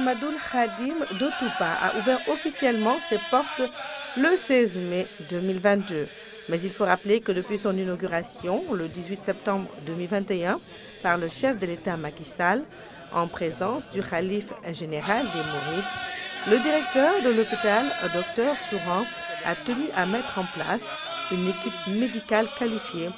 Ahmadoul Khadim de a ouvert officiellement ses portes le 16 mai 2022. Mais il faut rappeler que depuis son inauguration, le 18 septembre 2021, par le chef de l'État Macky en présence du calife général des Mourides, le directeur de l'hôpital, Dr Souran, a tenu à mettre en place une équipe médicale qualifiée,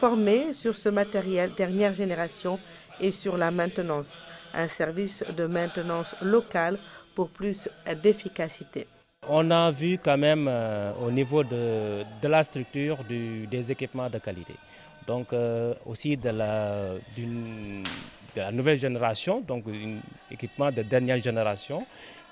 formée sur ce matériel dernière génération et sur la maintenance un service de maintenance locale pour plus d'efficacité. On a vu quand même euh, au niveau de, la structure des équipements de qualité, donc euh, aussi de la, de la nouvelle génération, donc un équipement de dernière génération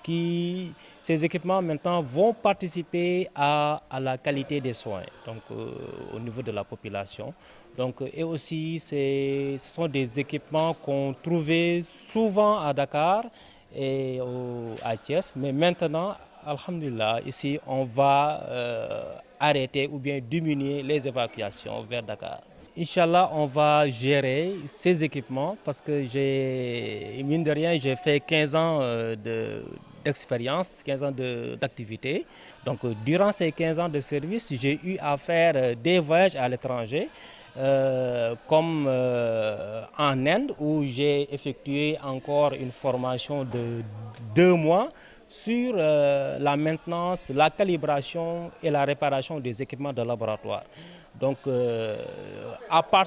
qui, ces équipements maintenant vont participer à, à la qualité des soins donc, euh, au niveau de la population. Donc, euh, et aussi, ce sont des équipements qu'on trouvait souvent à Dakar et à Thiès, mais maintenant, Alhamdulillah, ici, on va euh, arrêter ou bien diminuer les évacuations vers Dakar. Inch'Allah, on va gérer ces équipements parce que j'ai, mine de rien, j'ai fait 15 ans de, d'expérience, 15 ans d'activité. Donc euh, durant ces 15 ans de service, j'ai eu à faire euh, des voyages à l'étranger. Euh, comme en Inde où j'ai effectué encore une formation de deux mois sur la maintenance, la calibration et la réparation des équipements de laboratoire. Donc, à part,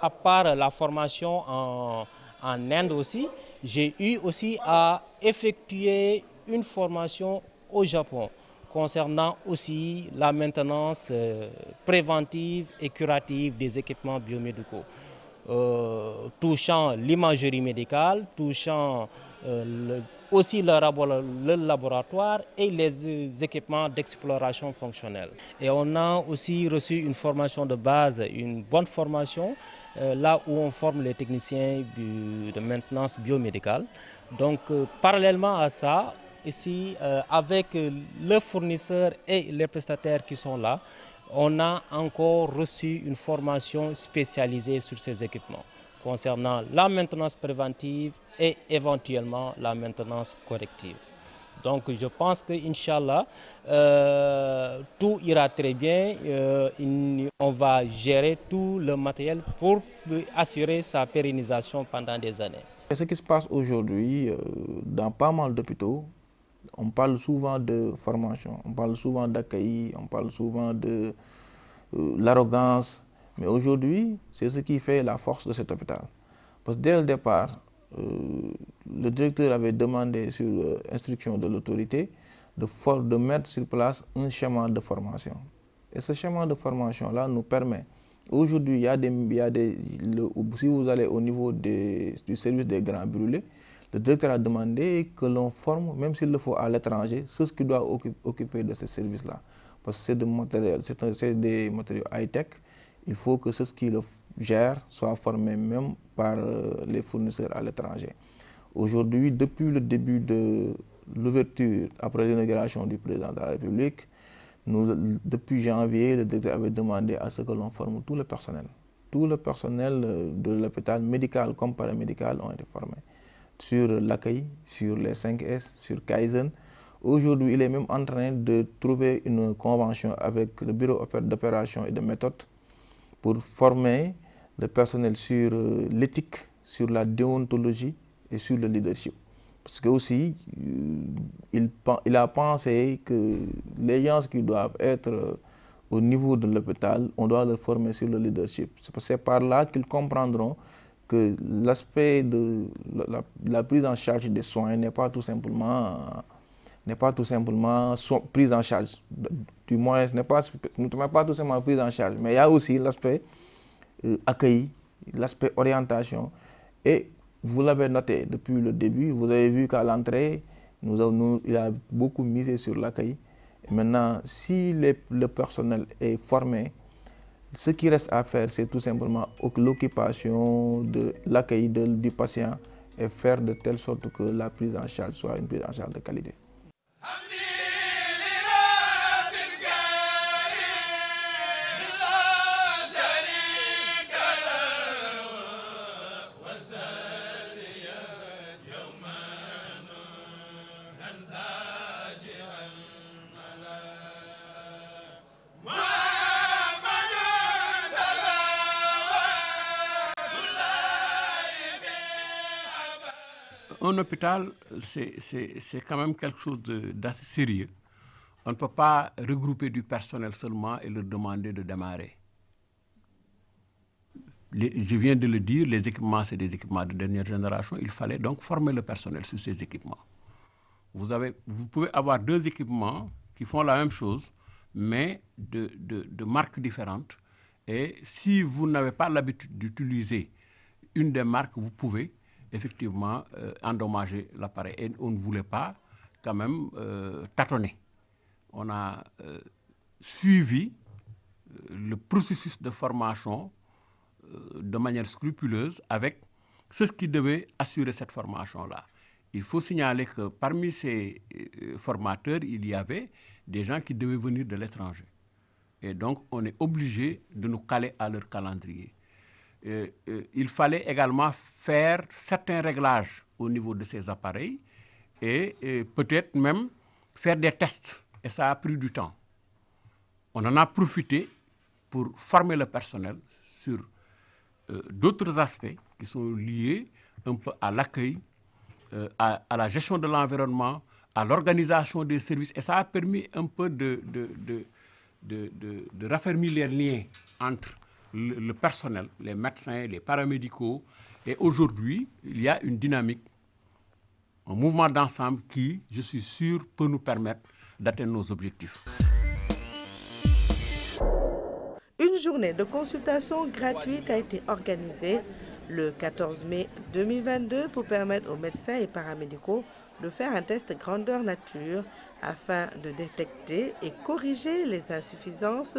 à, part, la formation en, en Inde aussi, j'ai eu aussi à effectuer une formation au Japon concernant aussi la maintenance euh, préventive et curative des équipements biomédicaux, euh, touchant l'imagerie médicale, touchant euh, le aussi le, laboratoire et les équipements d'exploration fonctionnelle. Et on a aussi reçu une formation de base, une bonne formation, euh, là où on forme les techniciens de maintenance biomédicale. Donc euh, parallèlement à ça, ici, euh, avec le fournisseur et les prestataires qui sont là, on a encore reçu une formation spécialisée sur ces équipements concernant la maintenance préventive, et éventuellement la maintenance corrective. Donc je pense que inshallah euh, tout ira très bien. Euh, on va gérer tout le matériel pour assurer sa pérennisation pendant des années. ce qui se passe aujourd'hui euh, dans pas mal d'hôpitaux, on parle souvent de formation, on parle souvent d'accueil, on parle souvent de l'arrogance. Mais aujourd'hui, c'est ce qui fait la force de cet hôpital. Parce que dès le départ, euh, le directeur avait demandé, sur euh, instruction de l'autorité, de, de mettre sur place un schéma de formation. Et ce schéma de formation-là nous permet, aujourd'hui, il y a des, si vous allez au niveau du service des grands brûlés, le directeur a demandé que l'on forme, même s'il le faut à l'étranger, ceux qui doivent occuper de ce service-là. Parce que c'est des matériaux high-tech, il faut que ceux qui le gère, soit formé même par euh, les fournisseurs à l'étranger. Aujourd'hui, depuis le début de l'ouverture, après l'inauguration du président de la République, nous, depuis janvier, le décret avait demandé à ce que l'on forme tout le personnel. Tout le personnel euh, de l'hôpital médical comme paramédical ont été formés sur l'accueil, sur les 5S, sur Kaizen. Aujourd'hui, il est même en train de trouver une convention avec le bureau d'opération et de méthode pour former le personnel sur euh, l'éthique, sur la déontologie et sur le leadership. Parce que aussi, euh, il, il a pensé que les gens qui doivent être euh, au niveau de l'hôpital, on doit les former sur le leadership. C'est par là qu'ils comprendront que l'aspect de la, prise en charge des soins n'est pas tout simplement n'est pas tout simplement prise en charge, du moins ce n'est pas, pas tout simplement prise en charge, mais il y a aussi l'aspect euh, accueil, l'aspect orientation. Et vous l'avez noté depuis le début, vous avez vu qu'à l'entrée, nous, avons il a beaucoup misé sur l'accueil. Maintenant, si le personnel est formé, ce qui reste à faire, c'est tout simplement l'occupation de l'accueil du patient et faire de telle sorte que la prise en charge soit une prise en charge de qualité. l'hôpital, c'est quand même quelque chose d'assez sérieux. On ne peut pas regrouper du personnel seulement et leur demander de démarrer. je viens de le dire, les équipements, c'est des équipements de dernière génération. Il fallait donc former le personnel sur ces équipements. Vous, avez, vous pouvez avoir deux équipements qui font la même chose, mais de, de marques différentes. Et si vous n'avez pas l'habitude d'utiliser une des marques, vous pouvez effectivement euh, endommagé endommager l'appareil. Et on ne voulait pas quand même euh, tâtonner. On a euh, suivi le processus de formation de manière scrupuleuse avec ce qui devait assurer cette formation-là. Il faut signaler que parmi ces formateurs, il y avait des gens qui devaient venir de l'étranger. Et donc, on est obligé de nous caler à leur calendrier il fallait également faire certains réglages au niveau de ces appareils et, peut-être même faire des tests. Et ça a pris du temps. On en a profité pour former le personnel sur euh, d'autres aspects qui sont liés un peu à l'accueil, euh, à, la gestion de l'environnement, à l'organisation des services. Et ça a permis un peu de, de, de raffermir les liens entre le, personnel, les médecins, les paramédicaux. Et aujourd'hui, il y a une dynamique, un mouvement d'ensemble qui, je suis sûr, peut nous permettre d'atteindre nos objectifs. Une journée de consultation gratuite a été organisée le 14 mai 2022 pour permettre aux médecins et paramédicaux de faire un test grandeur nature afin de détecter et corriger les insuffisances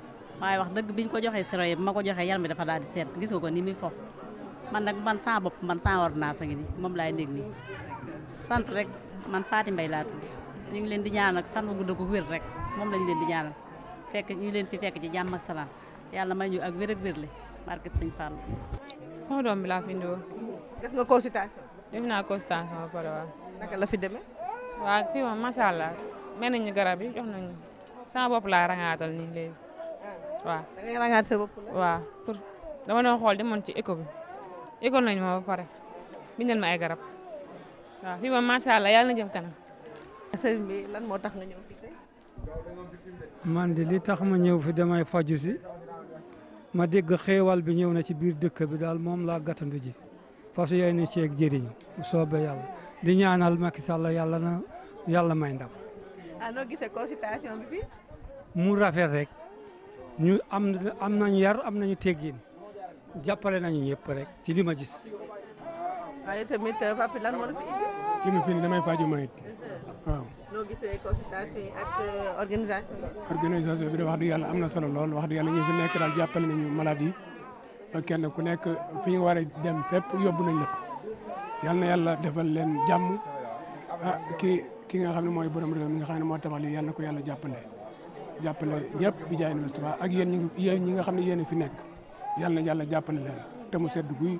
waaye wax dëgg biñ ko joxe siro yi ma ko joxe yaram bi dafa daal di seet gis nga ko ni muy fo man nag man saa bopp man saa ordonnance ngi ni moom laay néeg nii sant rek man Faty Mbaye laa tudd ngi leen di ñaanal ak fan bu gudd gu wér rek moom lañ leen di ñaanal fekk ñu leen fi fekk ci jàmm ak salaam yàlla may ñu ak wér ak wér le barke Sëñ Fall sama doom bi laa fi def nga consultation def naa consultation ba pare waaw naka la fi demee waa fii moom macha allah mel nañu garab yi jox nañu sama bopp laa rangaatal nii waaw da ngay rangaat sa bopp la waaw pour dama doon xool demoon ci ma ba pare bindal ma ay garab waaw fii ma macha allah yàlla na jëm kanam. sëriñ bi lan moo tax nga ñëw fi man de li tax ma ñëw fi damay faju si ma dégg xéewal bi na ci biir dëkk bi daal moom laa gàttandu ji fas yéene ci ak jëriñu bu soobee di ñaanal Macky Sall yàlla na yàlla may ndam. ah consultation bi fi mu rafet rek. ñu am am nañ yar am nañu teggin jàppale nañu ñëpp rek ci li ma gis. waaye tamit papi lan moo la fi indi. kii mu fi nii damay faju mayit waaw. noo gisee consultation yi ak organisation bi. organisation bi de wax dëgg yàlla am na solo lool wax dëgg yàlla ñu fi nekk daal jàppale nañu malade yi ba kenn ku nekk fi ñu war a dem fépp yóbbu nañ la fa yal na yàlla defal leen jàmm ah ki ki nga xam ne mooy borom réew mi nga xam ne moo tabax lii yal na ko yàlla jàppale. jàppale ñëpp bi jaay Université Touba ak ñi nga xam ne yéen fi nekk yàlla na yàlla jàppale leen te mu sedd guy.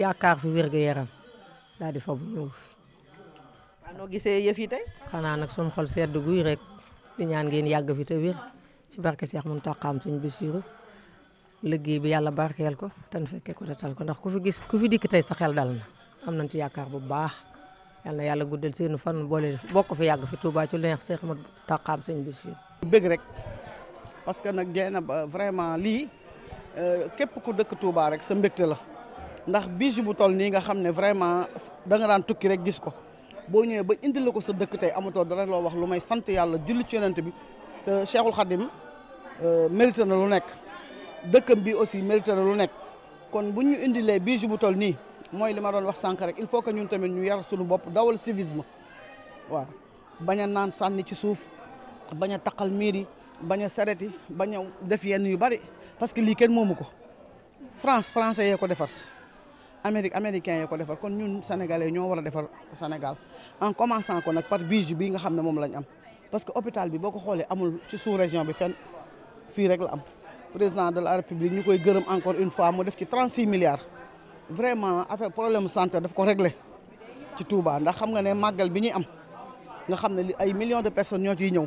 yaakaar fi wér gu yaram daal di fa bu ñëw fi. noo gisee yëf yi tey. xanaa nag sunu sedd guy rek di ñaan ngeen yàgg fi te wér ci barke Seex Muntaxa Sëñ Basiru liggéey bi yàlla barkeel ko tan fekke ko datal ko ndax ku fi gis ku fi dikk tey sa xel dal na am nañ ci yaakaar bu baax yal na yàlla guddal seenu fan boole bokk fi yàgg fi Touba ci leex Seex Muntaxa Sëñ Basiru bëgg rek parce que nag jeena ba vraiment lii euh, képp ku dëkk Touba rek sa mbégte la ndax bijou bu toll nii nga xam ne vraiment danga daan tukki rek gis ko boo ñëwee ba indilee ko sa dëkk tey amatoo dara loo wax lu may sant yàlla julli ci yonent bi te Cheikhul Khadim euh, mérité na lu nekk dëkkam bi aussi mérité na lu nekk kon bu ñu indilee bijou bu toll nii mooy li ma doon wax sànq rek il faut que ñun tamit ñu yar suñu bopp dawal civisme ma bañ a naan baña takal taqal baña sareti bañ def yenn yu bari parce que li ken momuko France français yee ko defar Amérique américain yee ko defar kon ñun sénégalais ñoo wara a defar Sénégal en commençant ko nak par Bijou bi nga xam mom lañ am parce que hôpital bi boko xolé amul ci sous région bi fenn fi rek la am président de la république ñukoy gëreum encore une fois mo def ci 36 milliards vraiment affaire problème santé daf ko régler ci Touba ndax xam nga né magal bi ñuy am nga xam ne ay millions de personnes ñoo ci ñëw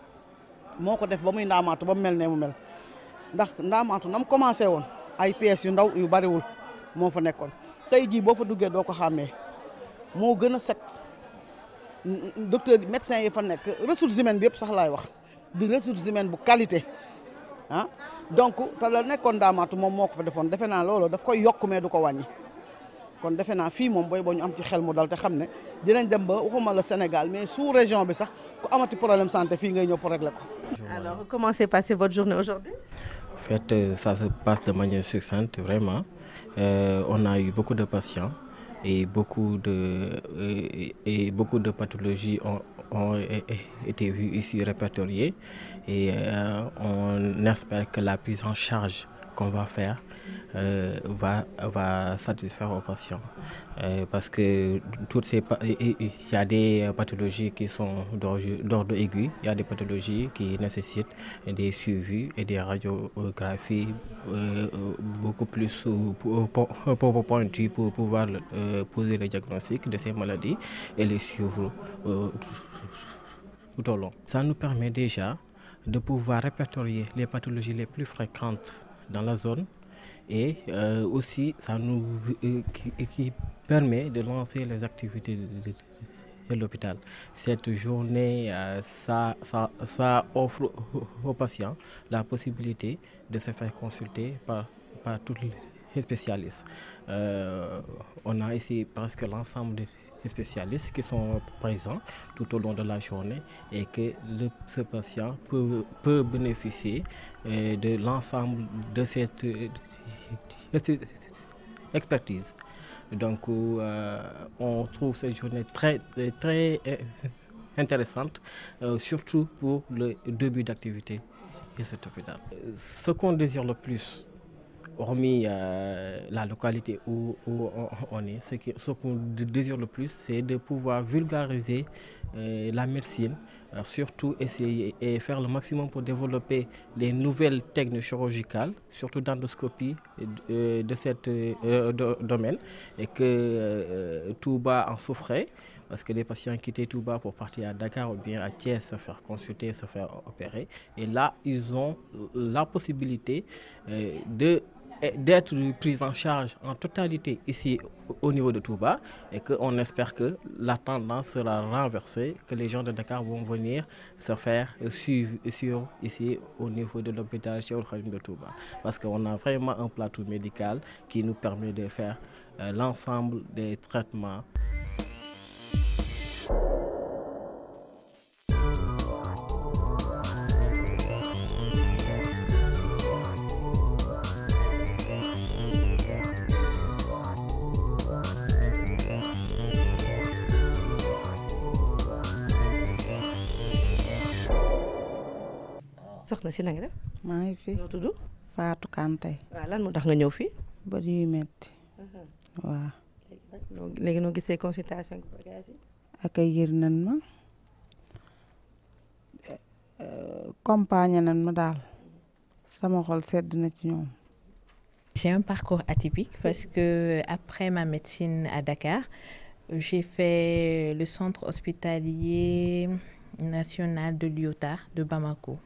moo ko def ba muy ndaamaatu ba mu mel ne mu mel ndax ndaamaatu nam commencé woon ay pees yu ndaw yu bariwul moo fa nekkoon tey jii boo fa duggee doo ko xàmmee moo gën a set docteur yi médecin yi fa nekk ressources humaines bi yëpp sax laay wax di ressources humaines bu qualité ah donc te la nekkoon ndaamaatu moom moo ko fa defoon defe naa looloo daf koy yokk mais du ko wàññi kon defe naa fii moom booy boo ñu am ci xel mu dal te xam dinañ dem ba waxuma la Sénégal mais sous région bi sax ku amati problème santé fi ngay ñëw pour régler ko. alors comment s'est passée votre journée aujourd'hui en fait euh, ça se passe de manière succincte vraiment euh, on a eu beaucoup de patients et beaucoup de euh, et, beaucoup de pathologies ont, été vues ici répertoriées et euh, on espère que la prise en charge qu'on va faire euh, va, satisfaire aux patients. Euh, parce que toutes ces il y a des pathologies qui sont d'ordre aigu, il y a des pathologies qui nécessitent des suivis et des radiographies euh, beaucoup plus pointues pour pouvoir poser le diagnostic de ces maladies et les suivre tout au long. Ça nous permet déjà de pouvoir répertorier les pathologies les plus fréquentes dans la zone et euh, aussi ça nous euh, qui permet de lancer les activités de, l'hôpital. Cette journée, euh, ça, ça, offre aux patients la possibilité de se faire consulter par, par tous les spécialistes. on a ici presque l'ensemble des spécialistes qui sont présents tout au long de la journée et que ce patient peut, bénéficier euh, de l'ensemble de cette, expertise. Donc, euh, on trouve cette journée très, très euh, intéressante, surtout pour le début d'activité de cet hôpital. Ce qu'on désire le plus, hormis euh, la localité où, on est, ce qu'on désire le plus, c'est de pouvoir vulgariser euh, la médecine, euh, surtout essayer et faire le maximum pour développer les nouvelles techniques chirurgicales, surtout d'endoscopie de, de ce domaine, et que tout bas en souffrait parce que les patients quittaient Touba pour partir à Dakar ou bien à Thiès se faire consulter, se faire opérer. Et là, ils ont la possibilité euh, de eh, d'être pris en charge en totalité ici au niveau de Touba et qu'on espère que la tendance sera renversée, que les gens de Dakar vont venir se faire suivre, ici au niveau de l'hôpital chez Khalim de Touba. Parce qu'on a vraiment un plateau médical qui nous permet de faire euh, l'ensemble des traitements soxna ya? si na nga def maa ngi fi noo tudd Fatou Kanté waaw lan moo tax nga ñëw fii ba di metti waaw léegi noo gisee consultation bi bagage yi accueillir nan ma compagnie nan ma sama xol J'ai un parcours atypique parce que après ma médecine à Dakar, j'ai fait le centre hospitalier national de l'IOTA de Bamako,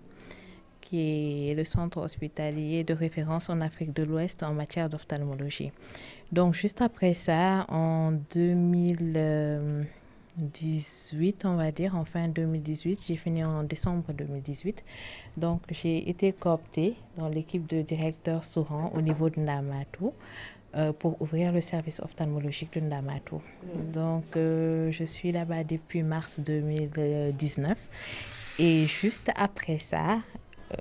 qui est le centre hospitalier de référence en Afrique de l'Ouest en matière d'ophtalmologie. Donc juste après ça, en 2000... 2018, on va dire, en fin 2018. J'ai fini en décembre 2018. Donc, j'ai été cooptée dans l'équipe de directeur Souran au niveau de namato euh, pour ouvrir le service ophtalmologique de Ndamatou. Donc, euh, je suis là-bas depuis mars 2019. Et juste après ça,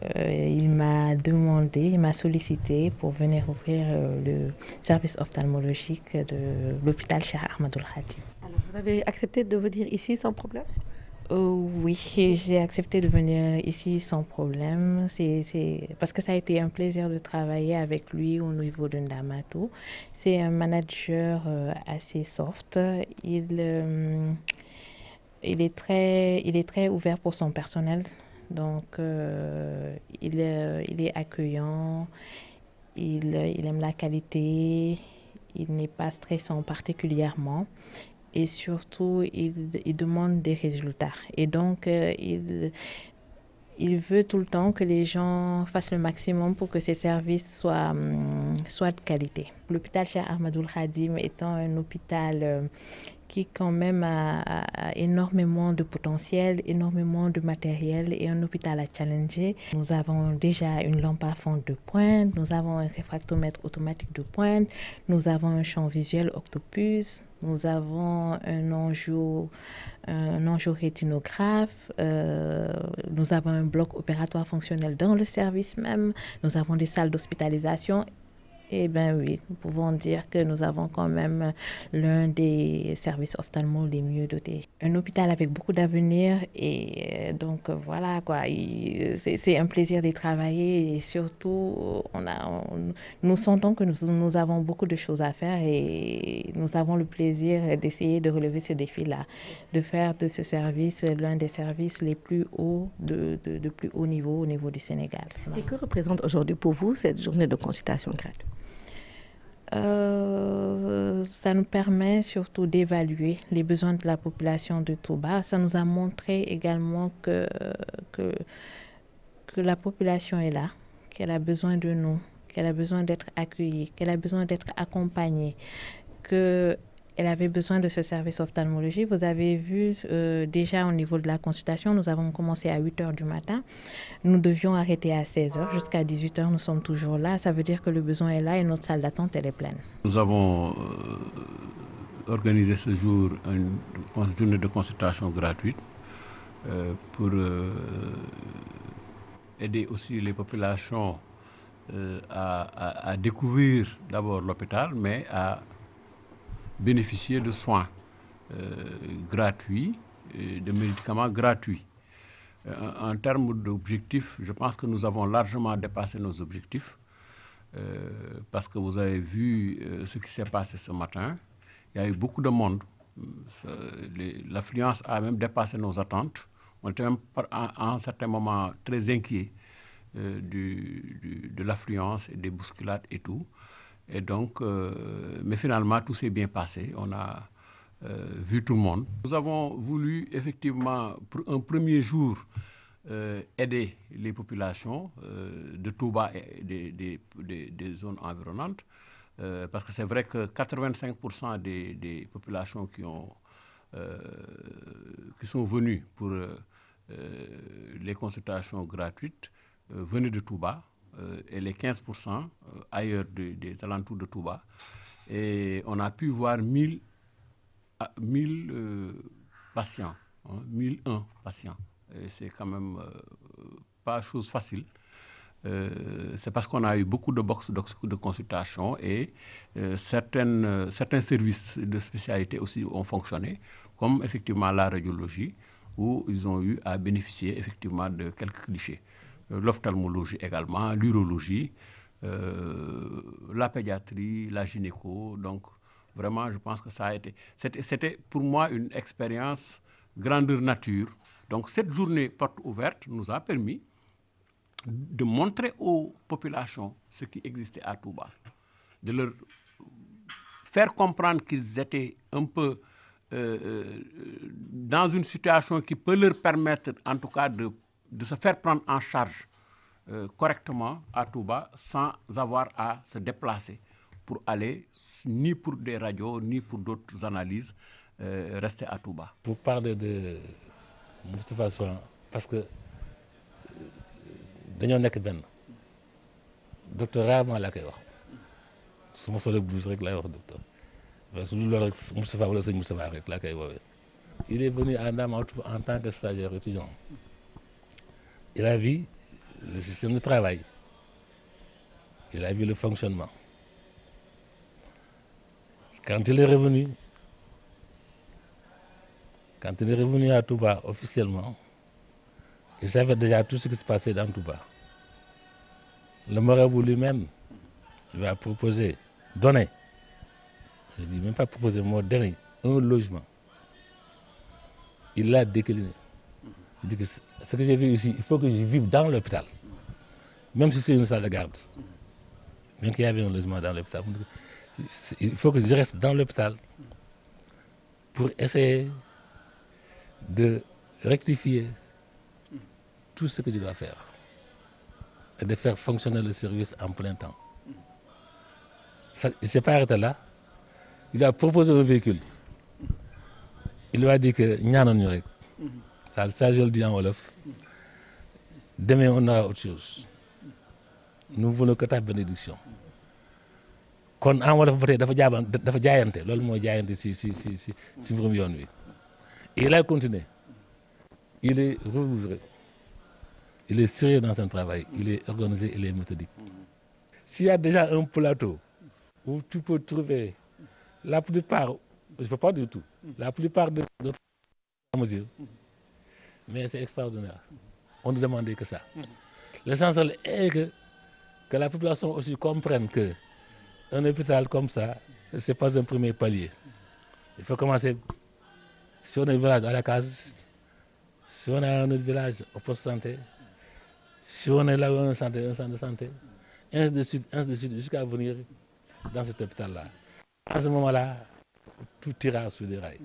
euh, il m'a demandé, il m'a sollicité pour venir ouvrir le service ophtalmologique de l'hôpital Cheikh Ahmadul Khatib vous avez accepté de venir ici sans problème oh, oui, j'ai accepté de venir ici sans problème. C'est parce que ça a été un plaisir de travailler avec lui au niveau de Ndamato. C'est un manager euh, assez soft. Il, euh, il, est très, il est très ouvert pour son personnel. Donc, euh, il, il est accueillant, il, il aime la qualité, il n'est pas stressant particulièrement et surtout il, il demande des résultats. Et donc euh, il, il veut tout le temps que les gens fassent le maximum pour que ces services soient, hum, soient de qualité. L'hôpital Cheikh Ahmadoul Khadim étant un hôpital euh, qui quand même a, énormément de potentiel, énormément de matériel et un hôpital à challenger. Nous avons déjà une lampe à fond de pointe, nous avons un réfractomètre automatique de pointe, nous avons un champ visuel octopus, nous avons un enjeu un rétinographe, euh, nous avons un bloc opératoire fonctionnel dans le service même, nous avons des salles d'hospitalisation eh bien oui, nous pouvons dire que nous avons quand même euh, l'un des services ophtalmo les mieux dotés. Un hôpital avec beaucoup d'avenir et euh, donc euh, voilà quoi, c'est un plaisir d'y travailler et surtout on nous sentons que nous, avons beaucoup de choses à faire et nous avons le plaisir d'essayer de relever ce défi-là, de faire de ce service l'un des services les plus hauts de, plus haut niveau au niveau du Sénégal. Et que représente aujourd'hui pour vous cette journée de consultation gratuite euh, ça nous permet surtout d'évaluer les besoins de la population de Touba. Ça nous a montré également que, que, que la population est là, qu'elle a besoin de nous, qu'elle a besoin d'être accueillie, qu'elle a besoin d'être accompagnée, que elle avait besoin de ce service ophtalmologie. Vous avez vu euh, déjà au niveau de la consultation, nous avons commencé à 8 h du matin. Nous devions arrêter à 16 h Jusqu'à 18 h nous sommes toujours là. Ça veut dire que le besoin est là et notre salle d'attente, elle est pleine. Nous avons euh, organisé ce jour une, journée de consultation gratuite euh, pour aider aussi les populations à découvrir d'abord l'hôpital, mais à bénéficier de soins euh, gratuits, de médicaments gratuits. Euh, en termes d'objectifs, je pense que nous avons largement dépassé nos objectifs euh, parce que vous avez vu ce qui s'est passé ce matin. Il y a eu beaucoup de monde. L'affluence a même dépassé nos attentes. On était à un certain moment très inquiets de l'affluence et des bousculades et tout donc, euh, mais finalement, tout s'est bien passé. On a euh, vu tout le monde. Nous avons voulu effectivement, pour un premier jour, euh, aider les populations de bas et des, zones environnantes. parce que c'est vrai que 85% des, populations qui, qui sont venues pour les consultations gratuites venaient de bas et les 15% ailleurs des alentours de Touba. Et on a pu voir 1000, 1000 ah, euh, patients, 1001 hein, patients. C'est quand même euh, pas chose facile. Euh, c'est parce qu'on a eu beaucoup de boxes de consultation et certains services de spécialité aussi ont fonctionné, comme effectivement la radiologie, où ils ont eu à bénéficier effectivement de quelques clichés l'ophtalmologie également, l'urologie, euh, la pédiatrie, la gynéco. Donc, vraiment, je pense que ça a été. C'était pour moi une expérience grandeur nature. Donc, cette journée porte ouverte nous a permis de montrer aux populations ce qui existait à Touba, de leur faire comprendre qu'ils étaient un peu euh, euh, dans une situation qui peut leur permettre, en tout cas, de de se faire prendre en charge euh, correctement à Touba sans avoir à se déplacer pour aller ni pour des radios ni pour d'autres analyses euh, rester à Touba. Vous parlez de Moustapha Soin parce que euh, dañoo Nekben ben docteur rarement la kay wax su ma rek wax docteur il est venu à Ndam en tant que stagiaire étudiant il a vu le système de travail, il a vu le fonctionnement. Quand il est revenu, quand il est revenu à Touba officiellement, il savait déjà tout ce qui se passait dans Touba. Le marabout lui-même lui a proposé, donner, je ne dis même pas proposer, moi donner un logement. Il l'a décliné. Il dit que ce que j'ai vu ici, il faut que je vive dans l'hôpital, même si c'est une salle de garde. Bien qu'il y avait un logement dans l'hôpital, il faut que je reste dans l'hôpital pour essayer de rectifier tout ce que je dois faire et de faire fonctionner le service en plein temps. Ça, il ne s'est pas arrêté là. Il a proposé un véhicule. Il lui a dit que nous ça, ça, je le dis en Wolof. Demain, on aura autre chose. Nous voulons que ta bénédiction. Quand en va faire il dafa jaaban dafa jaayante loolu si, si si si si si Et là, il a continué il est rouvré. il est serré dans son travail il est organisé il est méthodique s'il y a déjà un plateau où tu peux trouver la plupart je ne peux pas du tout la plupart de notre mesure mais c'est extraordinaire. On ne demandait que ça. Mm-hmm. L'essentiel est que, la population aussi comprenne que un hôpital comme ça, ce n'est pas un premier palier. Il faut commencer, sur on village à la case, sur on un autre village au poste de santé, sur on est où on santé, un centre de santé, ainsi de suite, ainsi de suite, jusqu'à venir dans cet hôpital-là. À ce moment-là, tout ira sous des rails.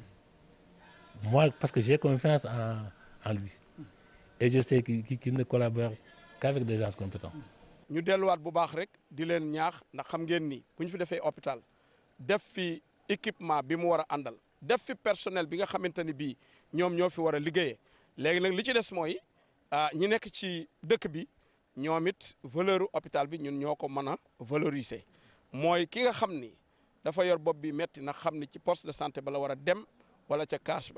Moi, parce que j'ai confiance en, et je sais qu'il ne collabore qu'avec des gens compétents. Nous sommes bu faire rek di leen ñaax nous hôpital def fi équipement bi mu a def fi personnel bi nga a des moy ah, ñi nek ci dëkk bi valeur hôpital bi ñun ñoko mëna valoriser moy ki nga xamni dafa yor bi metti na ci poste de santé ba la dem wala cash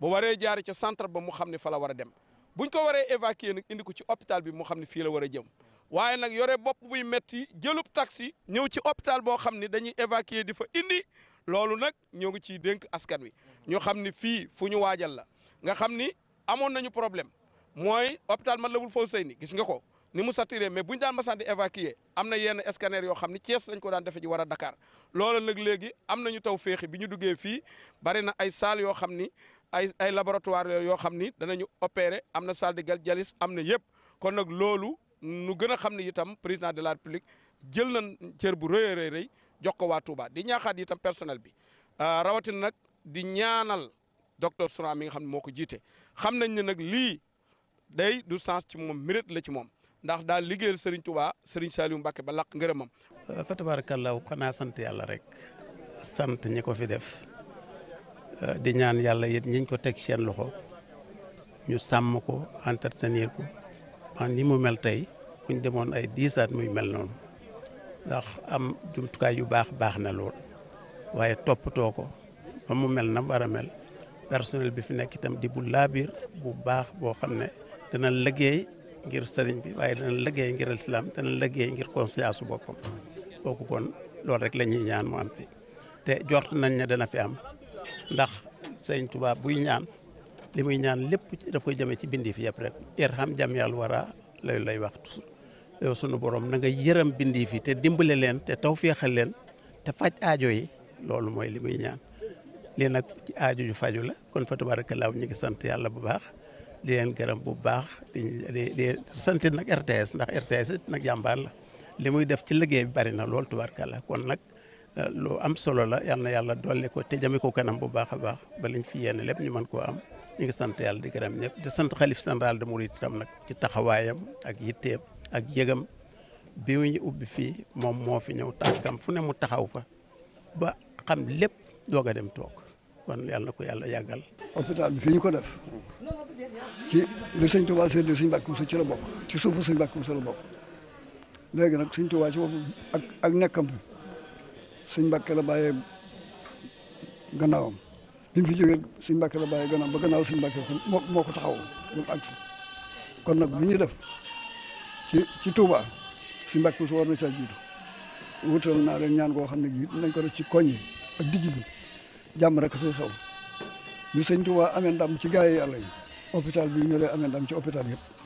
bu waree jaar ca centre ba mu xam ne fa la war a dem buñ ko waree évacuer nag indi ko ci hopital bi mu xam ne fii la war a jëm waaye nag yore bopp buy metti jëlub taxi ñëw ci hopital boo xam ne dañuy évacuer di fa indi loolu nag ñëw ngi ci dénk askan wi ñu xam ne fii fu ñu waajal la nga xam ni amoon nañu problème mooy hôpital Matlaboul ni gis nga ko ni mu saturé mais bu ñu daan masaan di évacuer am na yenn scanner yoo xam ne Thiès lañ ko daan defe ji war a Dakar loolu nag léegi am nañu taw féexi bi ñu duggee fii bari na ay salle yoo xam ni ay ay laboratoire yoo xam ni danañu opérer am na salle de dialyse am na yëpp kon nag loolu nu gën a xam ne itam président de la république jël na cër bu rëy a rëy jox ko waa Touba di ñaaxaat itam personnel bi euh, rawatina nag di ñaanal docteur Soura mi nga xam ne moo ko jiite xam nañ ne nag lii day du sens ci moom mérite la ci moom ndax daal liggéeyal Serigne Touba Serigne Saliou Mbacke ba làq ngërëmam. Euh, fa ka xanaa sant yàlla rek sant ñi ko fi def. Euh, di ñaan yàlla it ñiñ ko teg seen loxo ñu sàmm ko entretenir ko man ni mu mel tey buñ demoon ay diisaat muy mel noonu ndax am jumtukaay yu baax baax na lool waaye toppatoo ko ba mu mel na war a mel personnel bi fi nekk itam di bu laabiir bu baax boo xam ne dana liggéey ngir sëriñ bi waaye dana liggéey ngir islam dana liggéey ngir conscience su boppam ko kon loolu rek lañuy ñuy ñaan mu am fi te jort nañ ne dana fi am ndax sëñ tubaab buy ñaan li muy ñaan lépp daf koy jëmee ci bindi fi yëpp rek irham jamiyal wara lay lay wax yow sunu borom na nga yërëm bindi fi te dimbale leen te tawféexal leen te faj aajo yi loolu mooy li muy ñaan lii nag ci aajo ju faju la kon fa tabaarakallaahu ñu ngi sant yàlla bu baax di leen gërëm bu baax di sant nag RTS ndax RTS nag jàmbaar la li muy def ci liggéey bi bari na lool tubaarkalla kon nag lu am solo la yal na yàlla dolli ko te jame ko kanam bu baax baax ba liñ fi yéene lépp ñu mën koo am ñu ngi sant yàlla di gërëm ñëpp di sant xalif général de Mouride tam nag ci taxawaayam ak yitteem ak yëgam bi ñu ubbi fii moom moo fi ñëw tànkam fu ne mu taxaw fa ba xam lépp doog a dem toog kon yàlla ko yàlla yàggal. hôpital bi fii ñu ko def ci li sëñ Tuubaa séddee suñ bàkkum ci la bokk ci suufu suñ bàkkum sa la ak ak nekkam. suñ mbàkke la bàyyee gannaawam bi suñ mbàkke la bàyyee gannaaw ba gannaaw suñ mbàkke moo ko taxaw ba kon nag bu ñuy def ci ci Touba suñ mbàkke su war na saa jiitu wutal naa leen ñaan koo xam ne gii nañ ko def ci koñ yi ak digg bi jàmm rek fay xew ñu sëñ Touba amee ndam ci gaay yi yàlla yi hôpital bi ñu lay amee ndam ci hôpital yëpp